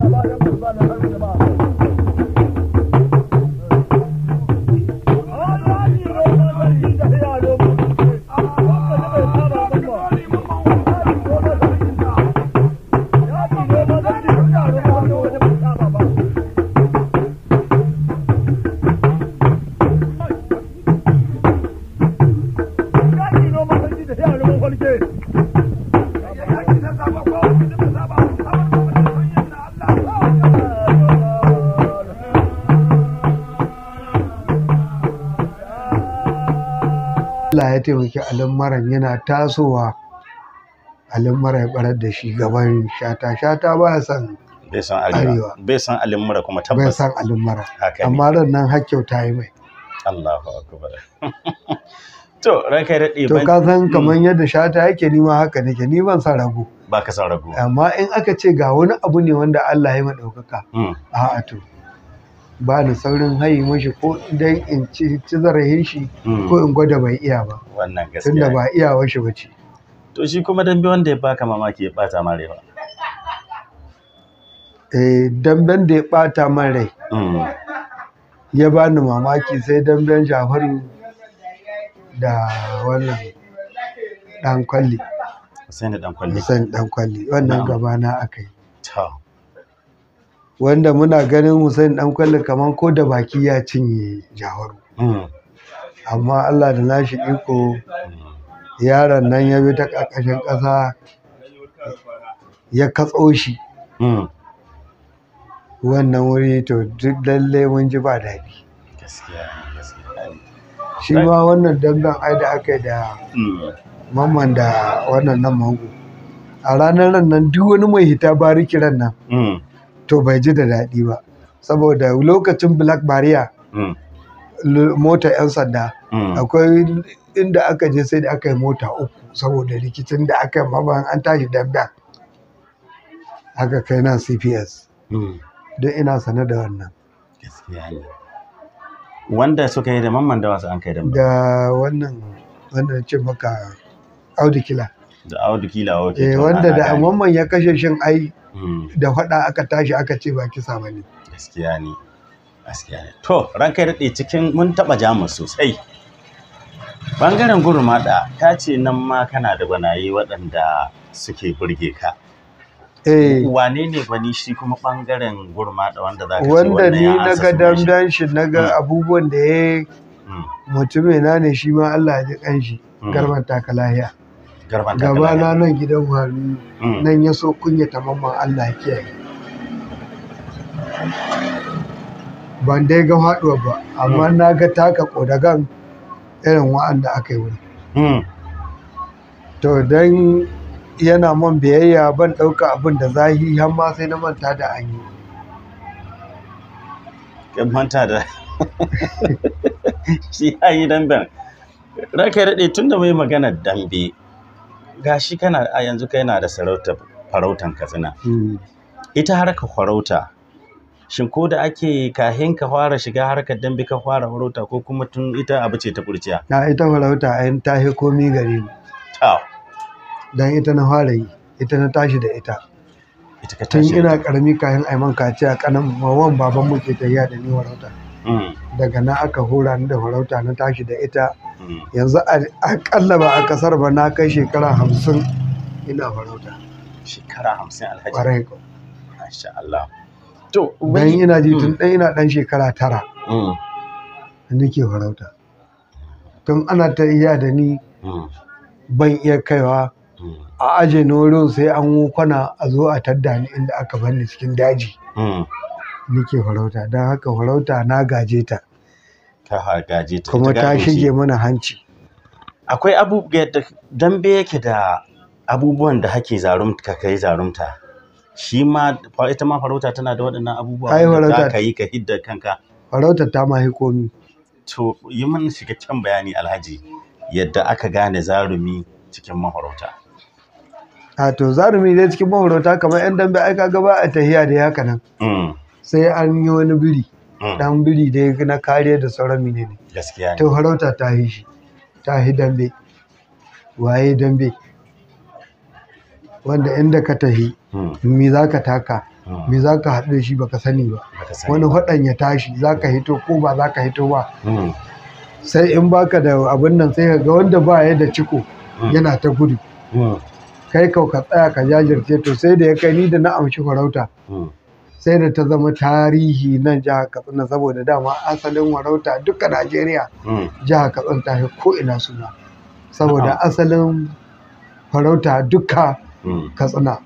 Allah ya taimaki alin yana tasowa alin mara ya barar da shi gaban shata shata ba ya san arewa bai san alin kuma tabbas bai san alin amma ran nan hakkyau ta yi mai Allahu akbar to ranka daɗe to ka san mm. kaman yadda shata yake nima haka nake ni ban san rago ba ka san rago amma in aka ce ga wani abu ne wanda Allah ya madaukaka mm. a'a to ba ni saurin haye mashi ko dan in ci zarafin shi hmm. ko in gwada bai iya ba wannan gaskiya tunda ba iya shi bace to shi kuma dambe wanda ya baka mamaki ya bata ma rai ba eh damben da ya bata man rai hmm. ya bani mamaki sai damben Jafaru da wannan dan kwalli da dan kwalli sai dan kwalli wannan gaba na akai to wanda muna ganin Hussein ɗan kwallo kamar ko da baki ya cinye jawaru hmm. amma Allah da nashi iko yaron nan ya bi ta ƙarƙashin ƙasa ya katso shi hmm. wannan wuri to duk lalle mun ji ba daɗi shi ma wannan dangan ai da aka yi da hmm. mamman da wannan nan mangu. a ranar nan duk wani mai hita bari kiran nan to bai ji da daɗi ba saboda lokacin black barrier hmm. mota 'yan sanda hmm. akwai inda aka je sai da aka yi mota uku saboda rikicin da aka yi mamman an tashi dabda aka kai na cps hmm. don ina sane da wannan wanda suka yi da mamman da wasu an kai da wannan wannan ce maka kila da kila eh, wanda da mamman ya kashe shin ai Hmm. da faɗa aka tashi aka ce ba kisa ba ne gaskiya ne gaskiya ne to kai daɗe cikin mun taɓa jamus sosai bangaren gurmaɗa ta ce nan ma kana da gwanaye waɗanda suke burge ka eh. wane ne bani shi kuma bangaren gurmaɗa wanda za ka ce wanda ni na ga dandan shi na ga hmm. abubuwan da ya hmm. mutum na ne shi ma Allah ya ji kanshi garban taka lahiya Gabana nan gidan wari mm. nan ya so kunya tamamman Allah ya kiyaye ban dai ga haɗuwa ba amma mm. na ga taka ƙodagan irin wa'anda aka yi wuri mm. to don yana man biyayya ban ɗauka abin da zahi har ma sai na manta da an yi kin manta da shi an yi damben raka ya daɗe tun da mai magana dambe gashi kana a yanzu kai na da sarauta farautan katsina hmm. ita harkar farauta shin ko da ake kahin ka fara shiga harkar dambe ka fara farauta ko kuma tun ita abu ce ta kurciya na ita farauta a yin he komi gari ni dan ita na fara yi ita na tashi da ita tun ina karami kayan aiman kaciya kanan mawan baban mu ke tafiya da ni farauta hmm. daga na aka hura ni da farauta na tashi da ita hmm. yanzu kalla ba a kasar ba na kai shekara hamsin ina farauta shekara hamsin alhaji ƙwarai ko masha Allah to dan ina ji hmm. tun dan ina dan shekara tara hmm. nake farauta tun ana ta iya da ni ban iya kaiwa a aje wurin sai an kwana a zo a tadda ni inda aka bani cikin daji nake farauta don haka farauta na gaje ta kuma ta shige mana hanci akwai abubuwa da dambe yake da abubuwan da hake zarumta ka yi zarumta shi ma ita ma farauta tana da waɗannan abubuwa da za ka yi ka hidda kanka farautar ta ma komi to yi mana can bayani alhaji yadda aka gane zarumi cikin mafarauta a to zarumi ne cikin mafarauta kamar yan dambe ai kaga ba a tahiya da ya nan mm. sai an yi wani biri hmm. dan biri dai na kariya da sauran menene gaskiya to farauta ta yi shi ta yi dambe waye dambe wanda inda ka tahi mi hmm. za ka taka hmm. me za ka haɗu da shi baka sani ba wani faɗan ya tashi za ka hito ko ba za ka hito ba sai in baka da abin nan sai ga wanda ba ya da ciko yana ta gudu kai kau ka tsaya ka jajirce to sai da ya kai ni da na amshi farauta sai da ta zama tarihi nan jihar katsina saboda dama asalin warauta duka najeriya hmm. jihar katsina ta yi ko'ina suna saboda asalin farauta duka hmm. katsina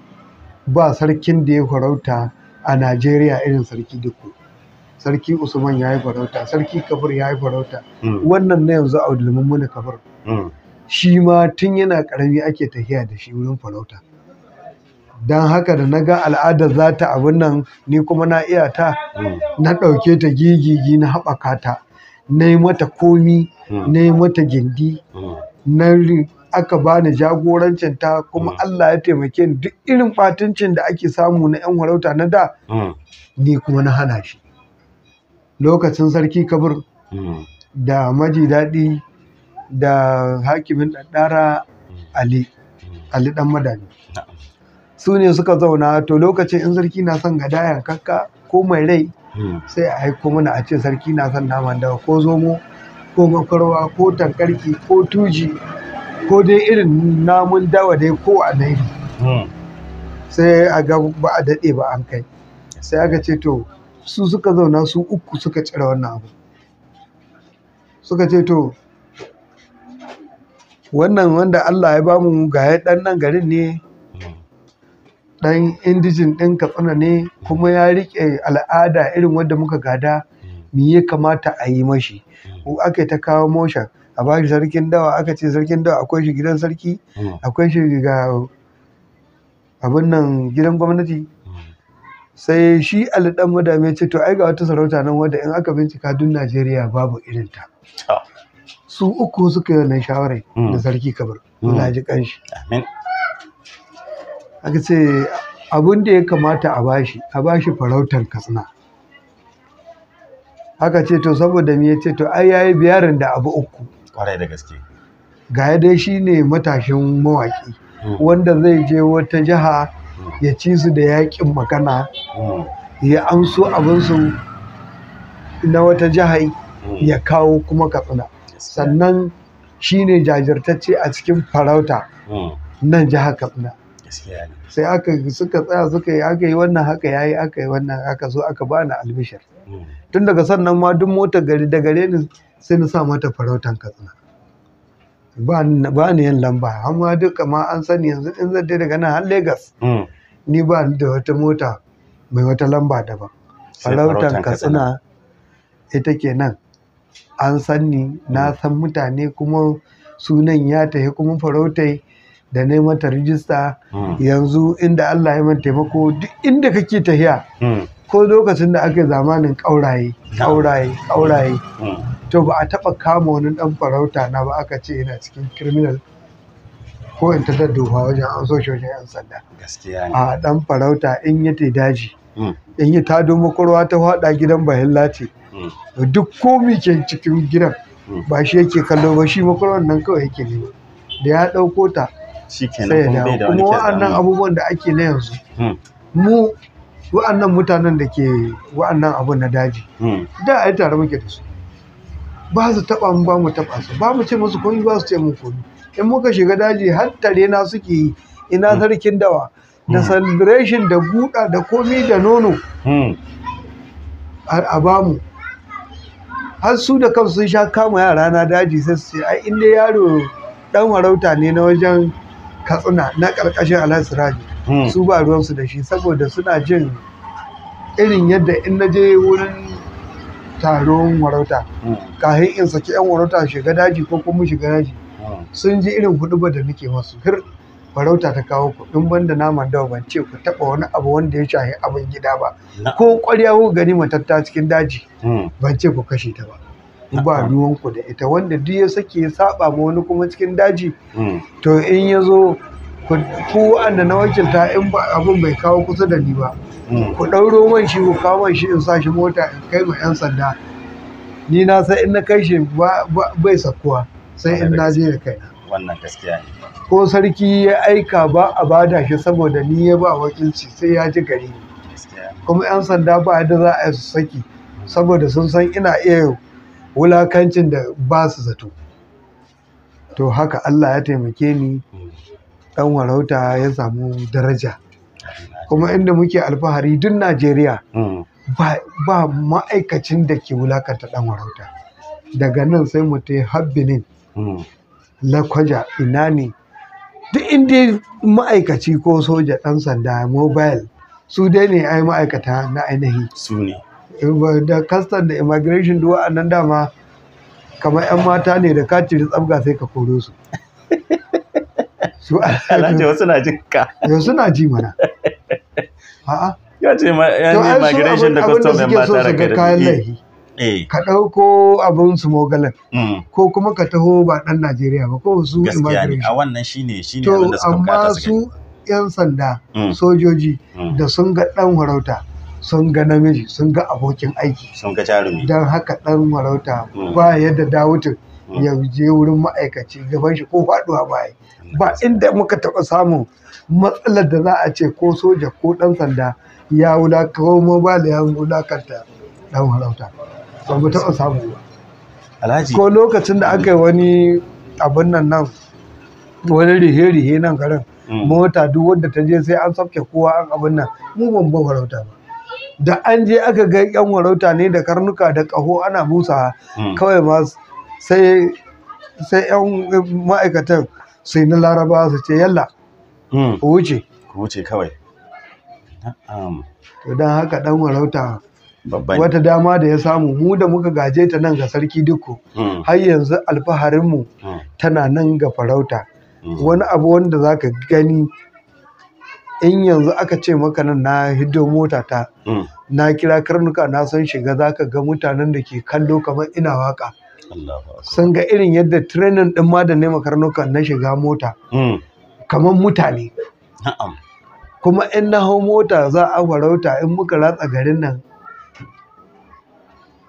ba sarkin da ya farauta a najeriya irin sarki duku sarki usman ya yi farauta sarki kabir ya yi farauta hmm. wannan na yanzu abdulmumuni kabir shi ma tun yana karami ake tafiya da shi wurin farauta don haka da na ga al'ada za ta abin nan ni kuma na iya ta na ɗauke ta gigigi na haɓaka ta na yi mata komi na yi mata gindi na aka bani jagorancin ta kuma Allah ya taimake ni duk irin fatincin da ake samu na 'yan warauta na da ni kuma na hana shi lokacin sarki kabir da maji daɗi da hakimin ɗaɗɗara ali ali ɗan madani su ne suka zauna to lokacin in sarki na son gadaya kakka ko mai rai sai a aiko mana a ce sarki na son naman dawa ko zomo ko Makarwa ko tankarki ko tuji ko dai irin namun dawa dai ko a nairi hmm. sai a ga ba a daɗe ba an kai sai aka ce to su suka zauna su uku suka cire wannan abu suka ce to wannan wanda Allah ya bamu ga ya ɗan nan garin ne ɗan indijin ɗin katsina ne kuma ya riƙe al'ada irin wadda muka gada me ya kamata a yi mashi aka ta kawo moshan a ba shi sarkin dawa aka ce sarkin dawa akwai shi gidan sarki akwai shi ga abin nan gidan gwamnati sai shi ali madame ce to ai ga wata sarauta nan wadda in aka bincika duk najeriya babu irin ta su uku suka yi wannan shawarar da hmm. sarki kabar hmm. Allah ji kanshi amin aka ce abin da ya kamata a bashi a bashi farautar katsina haka ce to saboda me ya ce to ai yayi biyarin da abu uku kwarai da gaske ga dai shi ne matashin mawaƙi hmm. wanda zai je wata jiha hmm. ya ci su da yaƙin magana hmm. ya amsu abinsu na wata jihai ya kawo kuma katsina sannan shi ne jajirtacce a cikin farauta nan jihar katsina sai aka suka tsaya suka yi aka yi wannan haka yayi aka yi wannan haka so aka ba ni albishir hmm. tun daga sannan ma duk motar gari da gare ni sai na sa mata farautan katsina ba ni yin lamba amma duka ma an sani yanzu in zai daga nan har Legas hmm. ni ba ni da wata mota mai wata lamba daban farautan katsina ita ke nan an sanni na san mutane kuma sunan ya tafi kuma farautai da neman mata rijista hmm. yanzu inda Allah ya man taimako duk inda kake tafiya hmm. ko lokacin da aka zamanin kauraye kauraye kauraye hmm. to ba a taɓa kama wani ɗan farauta na ba aka ce yana cikin criminal ko in ta dadduwa wajen an soke wajen yan sanda a dan farauta in ya te daji in ya tado makarwa ta waɗa gidan bahilla ce duk komi ke cikin gidan ba shi yake kallo ba shi makarwan nan kawai yake yi. da ya ɗauko ta shikenan kuma da kuma wa'annan abubuwan da ake na yanzu hmm. mu wa'annan mutanen da ke wa'annan abu na daji hmm. da ai tare muke da su ba su taba mu ba mu taba su ba mu ce musu komai ba su ce mu komai in muka shiga daji har tare na suke yi ina hmm. sarkin dawa da celebration da guda da komi da nono a bamu har su da kansu sun sha kama yara na daji sai su ce ai inda yaro dan warauta ne na wajen katsina na ƙarƙashin alhaji siraji hmm. su ba ruwansu da shi saboda suna jin irin yadda in na je wurin taron warauta hmm. kahin in saki yan warauta shiga daji ko kuma shiga daji hmm. sun ji irin ba da nake masu hir farauta ta kawo kuɗin banda naman dawa ban ce ku taɓa wani abu wanda ya shahi abin gida ba ko ƙwarya ko gani matatta cikin daji ban ce ku kashe ta ba ba ruwanku da ita wanda duk ya sake ya saba ma wani kuma cikin daji hmm. to in ya zo ku wanda na wakilta in ba abin bai kawo kusa da ni ba hmm. ku ɗauro man shi ku kawo man shi in sa shi mota in kai ma 'yan sanda ni na sai in na kai shi bai sakuwa sai in na je da kaina wannan gaskiya ne ko sarki ya aika ba a bada shi saboda ni ya ba wakilci sai ya ji gari kuma 'yan sanda ba da za a yi su saki saboda sun san ina iya wulakancin da ba su zato to haka Allah ya taimake ni ɗan warauta ya samu daraja kuma inda muke alfahari duk Najeriya ba ma'aikacin da ke wulakanta ɗan warauta daga nan sai mu ta habbinin lakwaja ina ne duk inda ma'aikaci ko soja ɗan sanda mobile su dai ne ai ma'aikata na ainihi su ne da kastan da immigration a nan dama kamar 'yan mata ne da ka ciri tsabga sai ka kore su su alhaji wasu na jin ka yau eh, suna ji mana a'a ya ce yan immigration da custom 'yan mata da ga kayan eh. laifi eh. ka ɗauko abin su mogalan mm. ko kuma ka taho ba ɗan Najeriya ba ko su immigration a wannan shine shine abin da suka amma su 'yan sanda mm. sojoji mm. da sun ga ɗan warauta. sun ga namiji sun ga abokin aiki sun ga jarumi don haka ɗan marauta hmm. ba yadda dawutun hmm. ya je wurin ma'aikaci gaban shi ko faɗuwa baya ba inda muka taɓa samu matsalar da za a ce ko soja ko ɗan sanda ya wulaka ko da ya wulakanta ɗan marauta ba mu taɓa samu ba Ko lokacin da aka yi wani abin nan nan wani rihe-rihe nan garin hmm. mota duk wanda ta je sai an sauke kowa an abin nan mu ban ba marauta ba. da an je aka ga yan warauta ne da karnuka da ƙaho ana busa hmm. kawai ma sai yan ma'aikatan sai na laraba su ce yalla hmm. ku wuce ku wuce kawai to don haka dan warauta wata dama da ya samu mu da muka gaje ta nan ga sarki dukku hmm. har yanzu alfaharinmu tana nan ga farauta wani abu wanda za ka gani in yanzu aka ce maka nan na hiddo mota ta hmm. na kira karnuka na san shiga zaka ga mutanen da ke kallo kamar ina waka sun ga irin yadda training din ma da nema karnuka na shiga mota hmm. kamar mutane kuma in na hau mota za a farauta in muka ratsa garin nan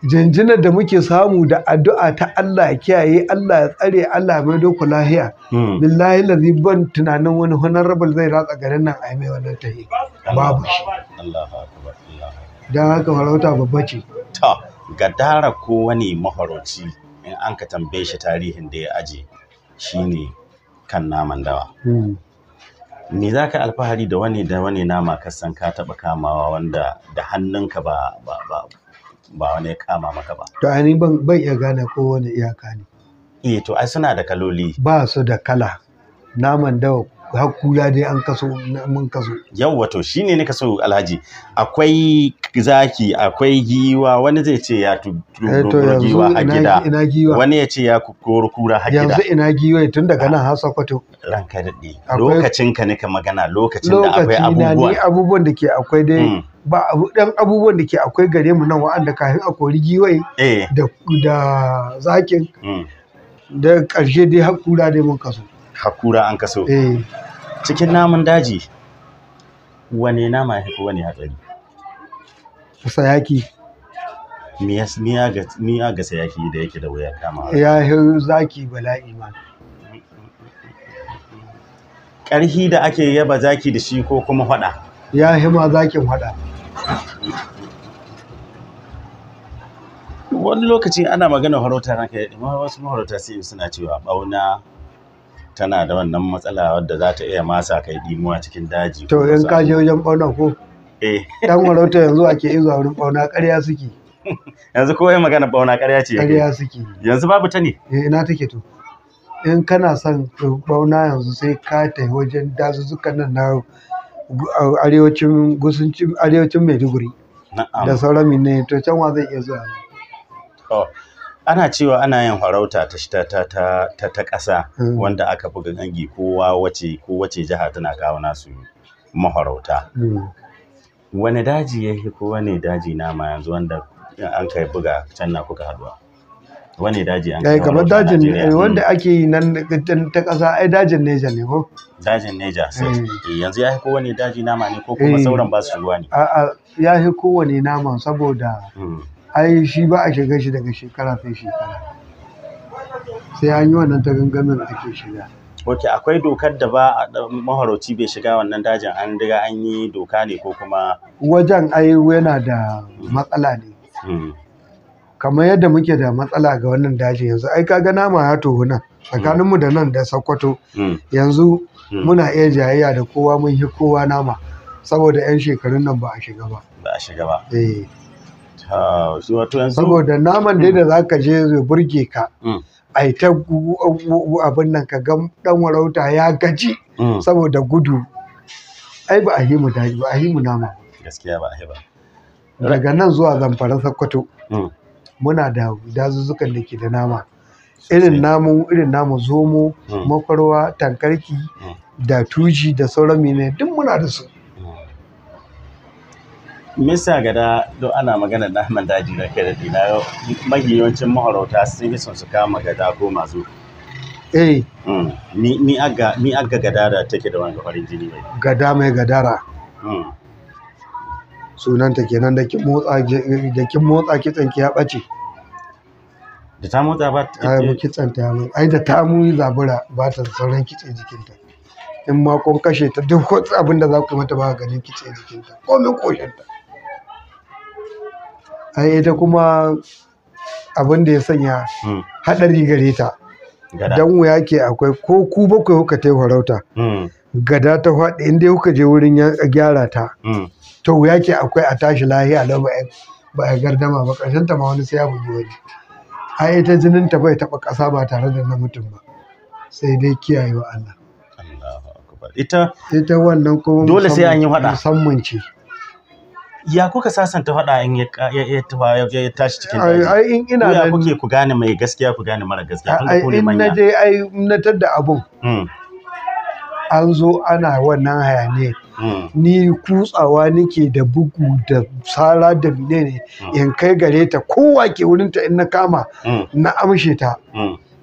jinjinar da muke samu da addu'a ta Allah ya kiyaye Allah ya tsare Allah ya mai ku lahiya hmm. billahi lazi ban tunanin wani honorable zai ratsa garin nan ai mai wannan tahi babu shi dan haka farauta babba ce to gadara ko wani mahoroci in an ka tambaye shi tarihin da ya aje shine kan naman dawa hmm. me za ka alfahari da wani da wani nama ka san ka taɓa kamawa wanda da hannunka ba ba wani ya kama maka ba to ainihin ban ban iya gane ko wani iyaka ne eh to ai suna da kaloli ba su da kala naman dawa har dai an kaso mun kaso yawwa to shine ne kaso alhaji akwai zaki akwai giwa wani zai ce ya koro eh, giwa a gida wani ya ce ya koro kura a gida yanzu ina giwa tun daga nan har Sokoto ranka daɗe lokacin ka nika magana lokacin da akwai abubuwan na ni abubuwan da ke akwai dai hmm. ba dan abubuwan da ke akwai gare mu nan wa'anda kafin a kori giwai eh. da zakin hmm. da ƙarshe dai hakura dai mun kaso hakura an kaso eh. cikin namun daji wane nama ya fi wani hatsari sayaki ni ya ga sayaki da yake da wuya kama ya yi zaki bala'i ma ƙarhi da ake yaba zaki da shi ko kuma hwada. ya yi ma zakin hwada. wani lokaci ana magana harauta ranka wasu maharauta sai suna cewa ɓauna tana da wannan matsala wadda za ta iya masa kai dimuwa cikin daji to in ka je wajen bauna ko eh dan warauta yanzu ake izuwa wurin bauna ƙarya suke yanzu ko yin magana bauna ƙarya ce ƙarya suke yanzu babu ta ne eh ina take to in kana son bauna yanzu sai ka tafi wajen dazuzzukan nan na arewacin gusuncin arewacin Maiduguri da sauran minne to can wa zai iya zuwa ana cewa ana yin farauta ta ta ta ta ƙasa hmm. wanda aka buga gangi kowa wace ko wace jiha tana kawo nasu maharauta hmm. wani daji ya yi ko wani daji nama yanzu wanda an kai buga can na kuka haduwa wani daji an kai eh, kamar dajin wanda hmm. ake yi nan ta ƙasa ai dajin Neja ne ko dajin Neja eh, yanzu ya yi ko wani daji nama ne ko kuma eh. sauran ba su ruwa ne a'a ya yi wani nama saboda ai shi ba a shiga shi daga shekara sai shekara sai an yi wannan ta gangamin ake shiga ok akwai dokar da ba mahorauci bai shiga wannan dajin an riga an yi doka ne ko kuma wajen ai yana da matsala ne hmm. kamar yadda muke da matsala ga wannan dajin yanzu ai kaga nama ya tohu nan mu da nan da sokoto hmm. yanzu hmm. muna iya jayayya da kowa mun yi kowa nama saboda 'yan shekarun nan ba a shiga ba ba a shiga ba eh saboda naman dai da zaka je zai burge ka yi mm. ta abin nan ka ga dan warauta ya gaji mm. saboda gudu ai ba a yi mu daji ba a yi mu nama gaskiya ba a yi ba daga nan zuwa zamfara sakkwato mm. muna da dazuzzukan da ke da nama irin namu irin namu zomo makwarwa tankarki da tuji da sauran mene duk muna da su Mista gada don ana magana na Ahmad Daji na kai da na mafi yawancin maharauta sun yi son su kama gada ko masu. Eh. Ni hmm. aga ni aga gadara take da wani farin jini mai. Gada mai gadara. Hmm. Sunanta kenan da kin motsa da kin motsa kitsan ki ya bace. Da ta motsa ba ta ai kitsan ta mai ai da ta mu zabura ba ta sauran kitse jikinta. In ma kun kashe ta duk abin da za ku mata ba ganin kitse jikinta. Komai koshin ta. ai ita kuma abin da ya sanya hmm. haɗari gare ta dan wuya ke akwai ko ku bakwai kuka ta farauta hmm. gada ta faɗi inda kuka je wurin gyara ta hmm. to wuya ke akwai a tashi lahiya da ba a gardama ba ƙarshen ta ma wani sai ya bugi wani ai ita jinin ta bai taɓa ƙasa ba tare da na mutum ba sai dai kiyaye wa Allah ita ita wannan kuma dole sai an yi faɗa musamman ce ya kuka sasanta faɗa in ya tashi cikin daji ai in ina ya kuke ku gane mai gaskiya ku gane mara gaskiya kun ku ne manya ai in je ai na tada abun hmm. an zo ana wannan hayane hmm. ni kutsawa nake da bugu da sara da menene hmm. in kai gare ta kowa ke wurin ta in na kama na amshe ta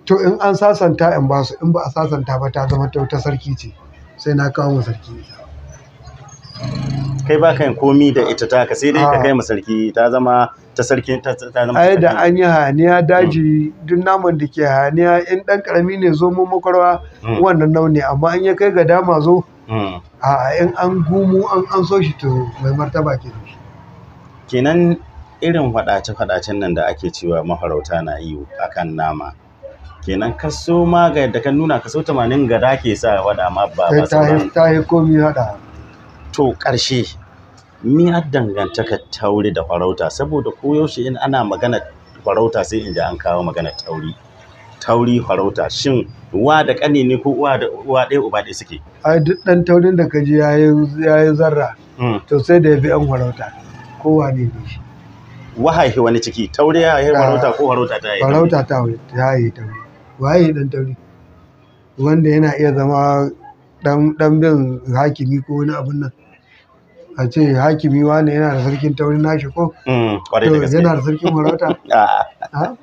to in an sasanta in ba su in ba a sasanta ba ta zama ta sarki ce sai na kawo sarki kai ba kan komi da ita taka sai dai ka ah. kai ma sarki ta zama ta sarki ta zama ai da an yi haniya mm. daji duk naman da ke haniya in dan karami ne zo mu makarwa mm. wannan nauni amma an ya kai ga dama zo mm. a in an gumu an an so shi to mai martaba ke kenan irin fadace-fadacen nan da ake cewa mafarauta na iyo akan nama kenan kaso ma ga yadda kan nuna kaso 80 gada ke sa wada ma ba ba ta ta komi hada to ƙarshe miyar dangantakar taure da farauta saboda koyaushe in ana magana farauta sai in ji an kawo magana tauri tauri farauta shin uwa da ƙani ne ko uwa da uwa ɗaya uba ɗaya suke ai duk ɗan taurin da ka ji ya yi zarra hmm. to sai da ya fi ɗan farauta ko ne ne shi wahaihi wani ciki taure ya yi farauta ko farauta ta yi farauta ta yi taure waye ɗan tauri wanda yana iya zama ɗan bin hakimi ko wani abun nan a ce hakimi wane yana da sarkin taurin nashi ko mm, yana da sarkin marauta ah.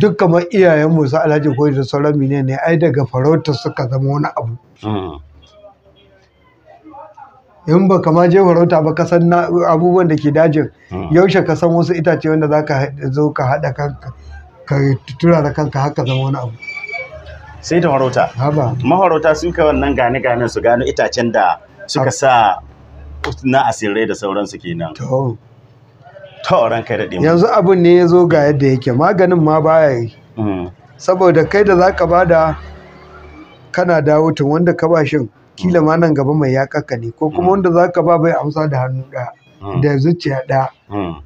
duk kamar iyayen su alhaji ko da sauran mine ne ai daga farauta suka zama wani abu mm. in ba kama je farauta ba kasan abubuwan da ke dajin mm. yaushe ka san wasu itace wanda za ka zo ka haɗa kanka ka tura da kanka haka zama wani abu sai da farauta maharauta sun ka wannan gane ganen su gano itacen da suka sa na asirai da sauransu kenan to to ranka yanzu abin ne ya zo ga yadda yake maganin ma baya yi mm. saboda kai da zaka ka bada kana dawo tun wanda ka ba shin kila mm. ma nan gaba mai ya kaka ne ko kuma mm. wanda za ka ba bai amsa da hannu ɗaya da zuciya ɗaya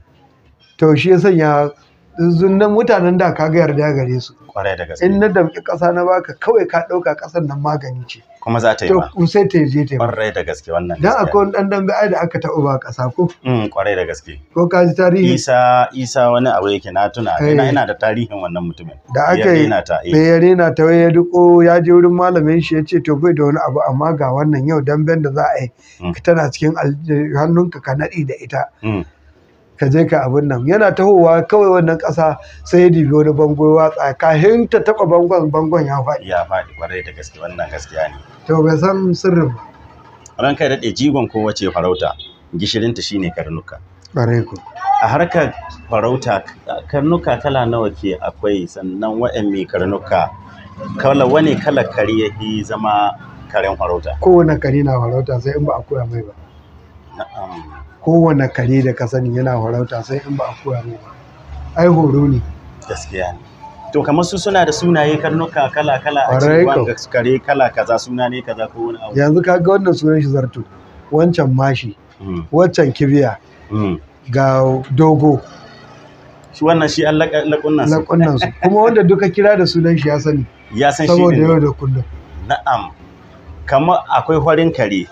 to shi ya sanya zunnan mutanen da ka ga yarda gare su kwarai da gaske in na damki ƙasa na baka kawai ka ɗauka kasar nan magani ce kuma za ta yi to sai ta je ta kwarai da gaske wannan dan akwai wani dan dambe ai da aka taɓa ba ƙasa ko mm, kwarai da gaske ko ka ji tarihi isa isa wani abu yake na tuna eh. ina ina da tarihin wannan mutumin da aka yi bai eh. ya rena ta wai ya duko ya je wurin malamin shi ya ce to bai da wani abu amma ga wannan yau damben da za a yi mm. tana cikin hannunka ka nadi da ita mm. ka je ka abin nan yana tahowa kawai wannan ƙasa sai ya dibi wani bango watsa kahin ta taɓa bangon bangon ya faɗi ya faɗi kwarai da gaske wannan gaskiya ne to bai san sirrin ba ran kai daɗe jigon ko wace farauta gishirinta shine karnuka ƙwarai ku a harkar farauta karnuka kala nawa ke akwai sannan wa'en mai karnuka kala wani kala kare ya fi zama karen farauta kowane kare na farauta sai in ba a koya mai ba kowane kare da ka sani yana farauta sai in ba a koya mai ba ai horo ne gaskiya ne to kamar su suna da sunaye karnuka kala kala a cikin kare kala kaza suna ne kaza ko wani abu yanzu kaga wannan sunan shi zarto wancan mashi hmm. wancan kibiya hmm. ga dogo shi wannan shi an laƙunan su laƙunan su kuma wanda duka kira da sunan shi ya sani ya san shi ne saboda yau da kullum na'am kamar akwai farin kare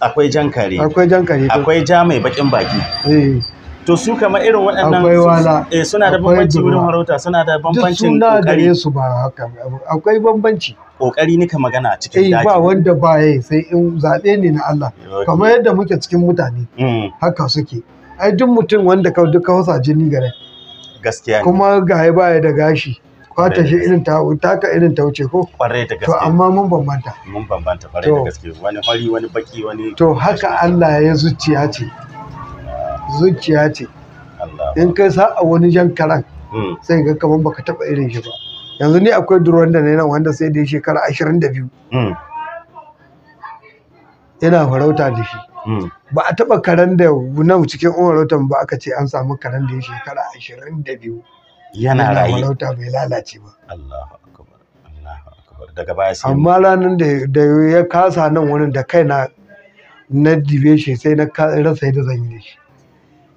akwai jan kare akwai jan kare akwai ja mai bakin baki eh. to su kamar irin waɗannan akwai wala eh suna da bambanci wurin harauta suna da bambancin kokari suna su ba haka akwai bambanci kokari nika magana a cikin eh, daji ba wanda ba yayi sai in zabe ne na Allah kamar yadda muke cikin mutane hmm. haka suke ai duk mutum wanda ka duka hausa jini gare gaskiya kuma ga ya baya da gashi fata shi irin ta taka irin ta wuce ko kwarai da gaske to amma mun bambanta mun bambanta kwarai da gaske wani hari wani baki wani to haka Allah ya zuciya ce zuciya ce in kai sa'a wani jan karan hmm. sai ga kaman baka taba irin shi ba yanzu ni akwai duron da nan wanda sai da shekara 22 yana hmm. farauta da shi hmm. ba a taba karen da nan cikin umarautan ba aka ce an samu karen da ya shekara 22 yana raye malauta bai lalace ba Allahu akbar Allahu akbar daga baya sai amma ranan da da ya kasa nan wurin da kaina na dibe shi sai na rasa yadda zan yi shi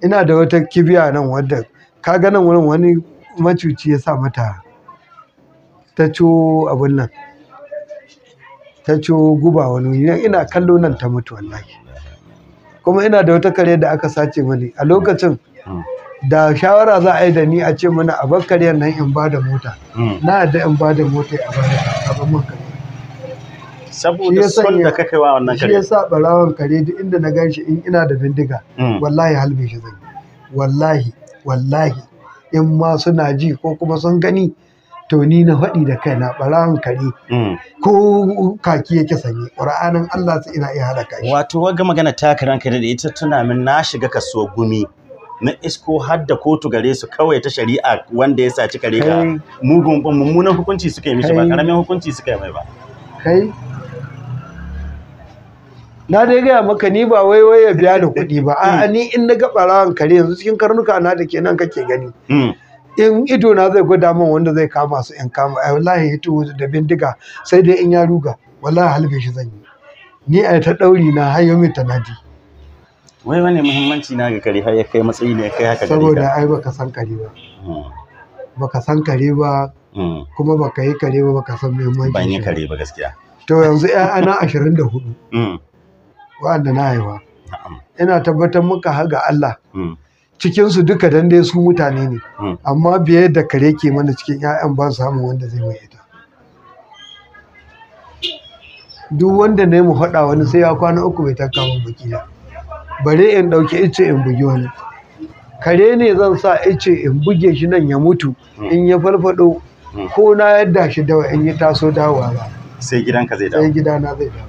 ina da wata kibiya nan wadda ka ga nan wurin wani macuci ya sa mata ta ciwo abun nan ta ciwo guba wani ina kallo nan ta mutu wallahi kuma ina da wata kare da aka sace mani a lokacin hmm. da shawara za a yi da ni a ce mana a bar nan in ba da mota hmm. na da in ba da mota a ba da abin man kare saboda son da kake wa wannan kare shi yasa barawan kare duk inda na ganshi in ina da bindiga hmm. wallahi halbe shi zan wallahi wallahi in ma suna ji ko kuma sun gani to ni na faɗi da kaina ɓarawan kare hmm. ko kaki yake sanye ƙura'anin Allah su ina iya halaka shi wato wagga magana ta karan da ita tuna min na shiga kasuwar gumi na isko har da kotu gare su kawai ta shari'a wanda ya saci kare ka mugun mummunan hukunci suka yi mishi ba karamin hukunci suka yi mai ba kai na dai gaya maka ni ba wai wai ya biya da kuɗi ba hmm. a ni in na ga ɓarawan kare yanzu cikin karnuka na da kenan kake gani hmm. in ido na zai gwada min wanda zai kama su in kama ai eh, wallahi hito da bindiga sai dai in ya ruga wallahi halbe shi zan yi ni a ta ɗauri na hayo min tanadi wai wani muhimmanci na ga kare har ya kai matsayi ne kai haka saboda ai baka san kare ba hmm. baka san kare ba hmm. kuma baka yi kare ba baka san muhimmanci ban yi kare ba gaskiya to yanzu ƴaƴana ashirin da hudu hmm. wa'anda na haifa ina tabbatar muka haga Allah cikinsu duka dan dai su mutane ne amma biye da kare ke mana cikin ƴaƴan ba samu wanda zai mai ita duk wanda ne mu faɗa wani sai ya kwana uku bai taka mun bakila Bare in ɗauki ice in bugi wani kare ne zan sa ice in buge shi nan ya mutu hmm. in ya falfado hmm. ko na yadda shi da in ya taso dawowa ba sai gidanka zai dawo sai gidana zai dawo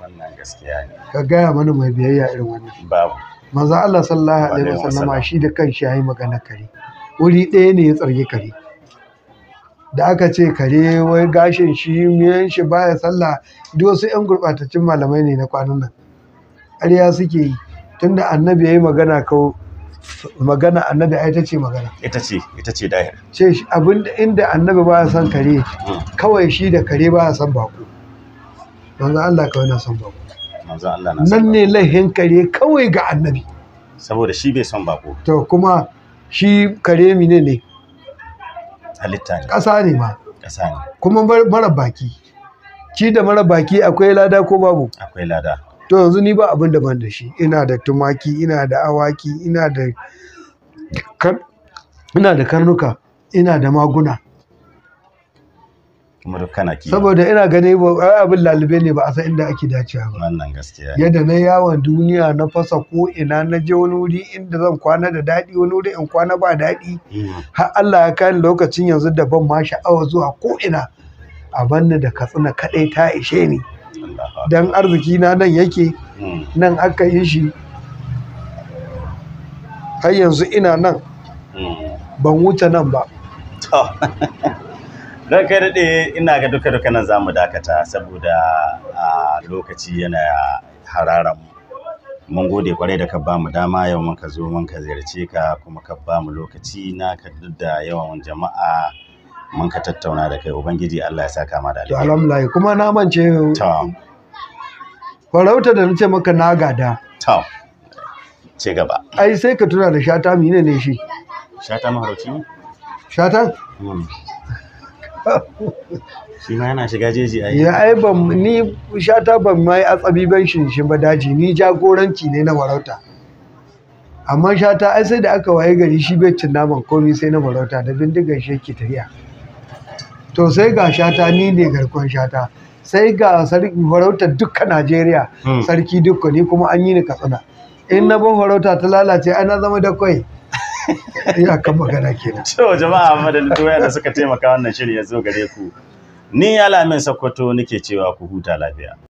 wannan gaskiya ne ka gaya mana mai biyayya irin wannan babu manzo Allah sallallahu alaihi wasallama shi da kanshi yayi magana kare wuri ɗaya ne ya tsarge kare da aka ce kare wai gashin shi miyan shi baya sallah duk wasu yan gurbataccen malamai ne na kwanan nan ƙarya suke yi tunda annabi yayi magana ko magana annabi ai tace magana ita ce ita ce dahir ce abin inda annabi ba ya san kare hmm. kawai shi da kare ba ya san bako manzo Allah kawai na san bako manzo Allah na san nan ne lahin kare kawai ga annabi saboda shi bai san bako to kuma shi kare mine ne halitta ne ƙasa ne ma ƙasa ne kuma mara baki shi da mara baki akwai lada ko babu akwai lada to yanzu ni ba abin da ban da shi ina da tumaki ina da awaki ina da ina da karnuka ina da maguna saboda ina gani abin lalube ne ba a san inda ake dacewa ba wannan gaskiya yadda na yawon duniya na fasa ko ina na je wani wuri inda zan kwana da daɗi wani wuri in kwana ba daɗi hmm. har Allah ya kai lokacin yanzu da ban ma sha'awa zuwa ko ina a banna da katsina kaɗai ta ishe ni Dan arziki na nan yake hmm. nan aka yi shi har yanzu ina nan hmm. ban wuce nan ba don kai daɗe ina ga duka duka nan za mu dakata saboda lokaci yana hararan mun gode kwarai da ka ba mu dama yau muka zo ka ziyarce ka kuma ka ba mu lokaci na ka da yawan jama'a mun ka tattauna da kai ubangiji Allah ya saka ma da alheri alhamdulillah kuma na mance to farauta da nace maka na gada to ce gaba ai sai ka tuna da shata mine ne shi shata maharauci ne shata hmm. shi ma yana shiga jeji a ya ai ban ni shata ban mai atsabi ban shinshin ba daji ni jagoranci ne na farauta. amma shata ai sai da aka waye gari shi bai cin naman komai sai na farauta da bindigar shi ke tafiya to sai ga shata ni ne garkon shata sai ga sarki farautar dukka najeriya hmm. sarki dukka ni kuma an yi ni katsina in na ban farauta ta lalace ana zama da kwai ya kan magana kenan to jama'a madalli doya da suka taimaka wannan shirin ya zo gare ku ni alamin sokoto nake cewa ku huta lafiya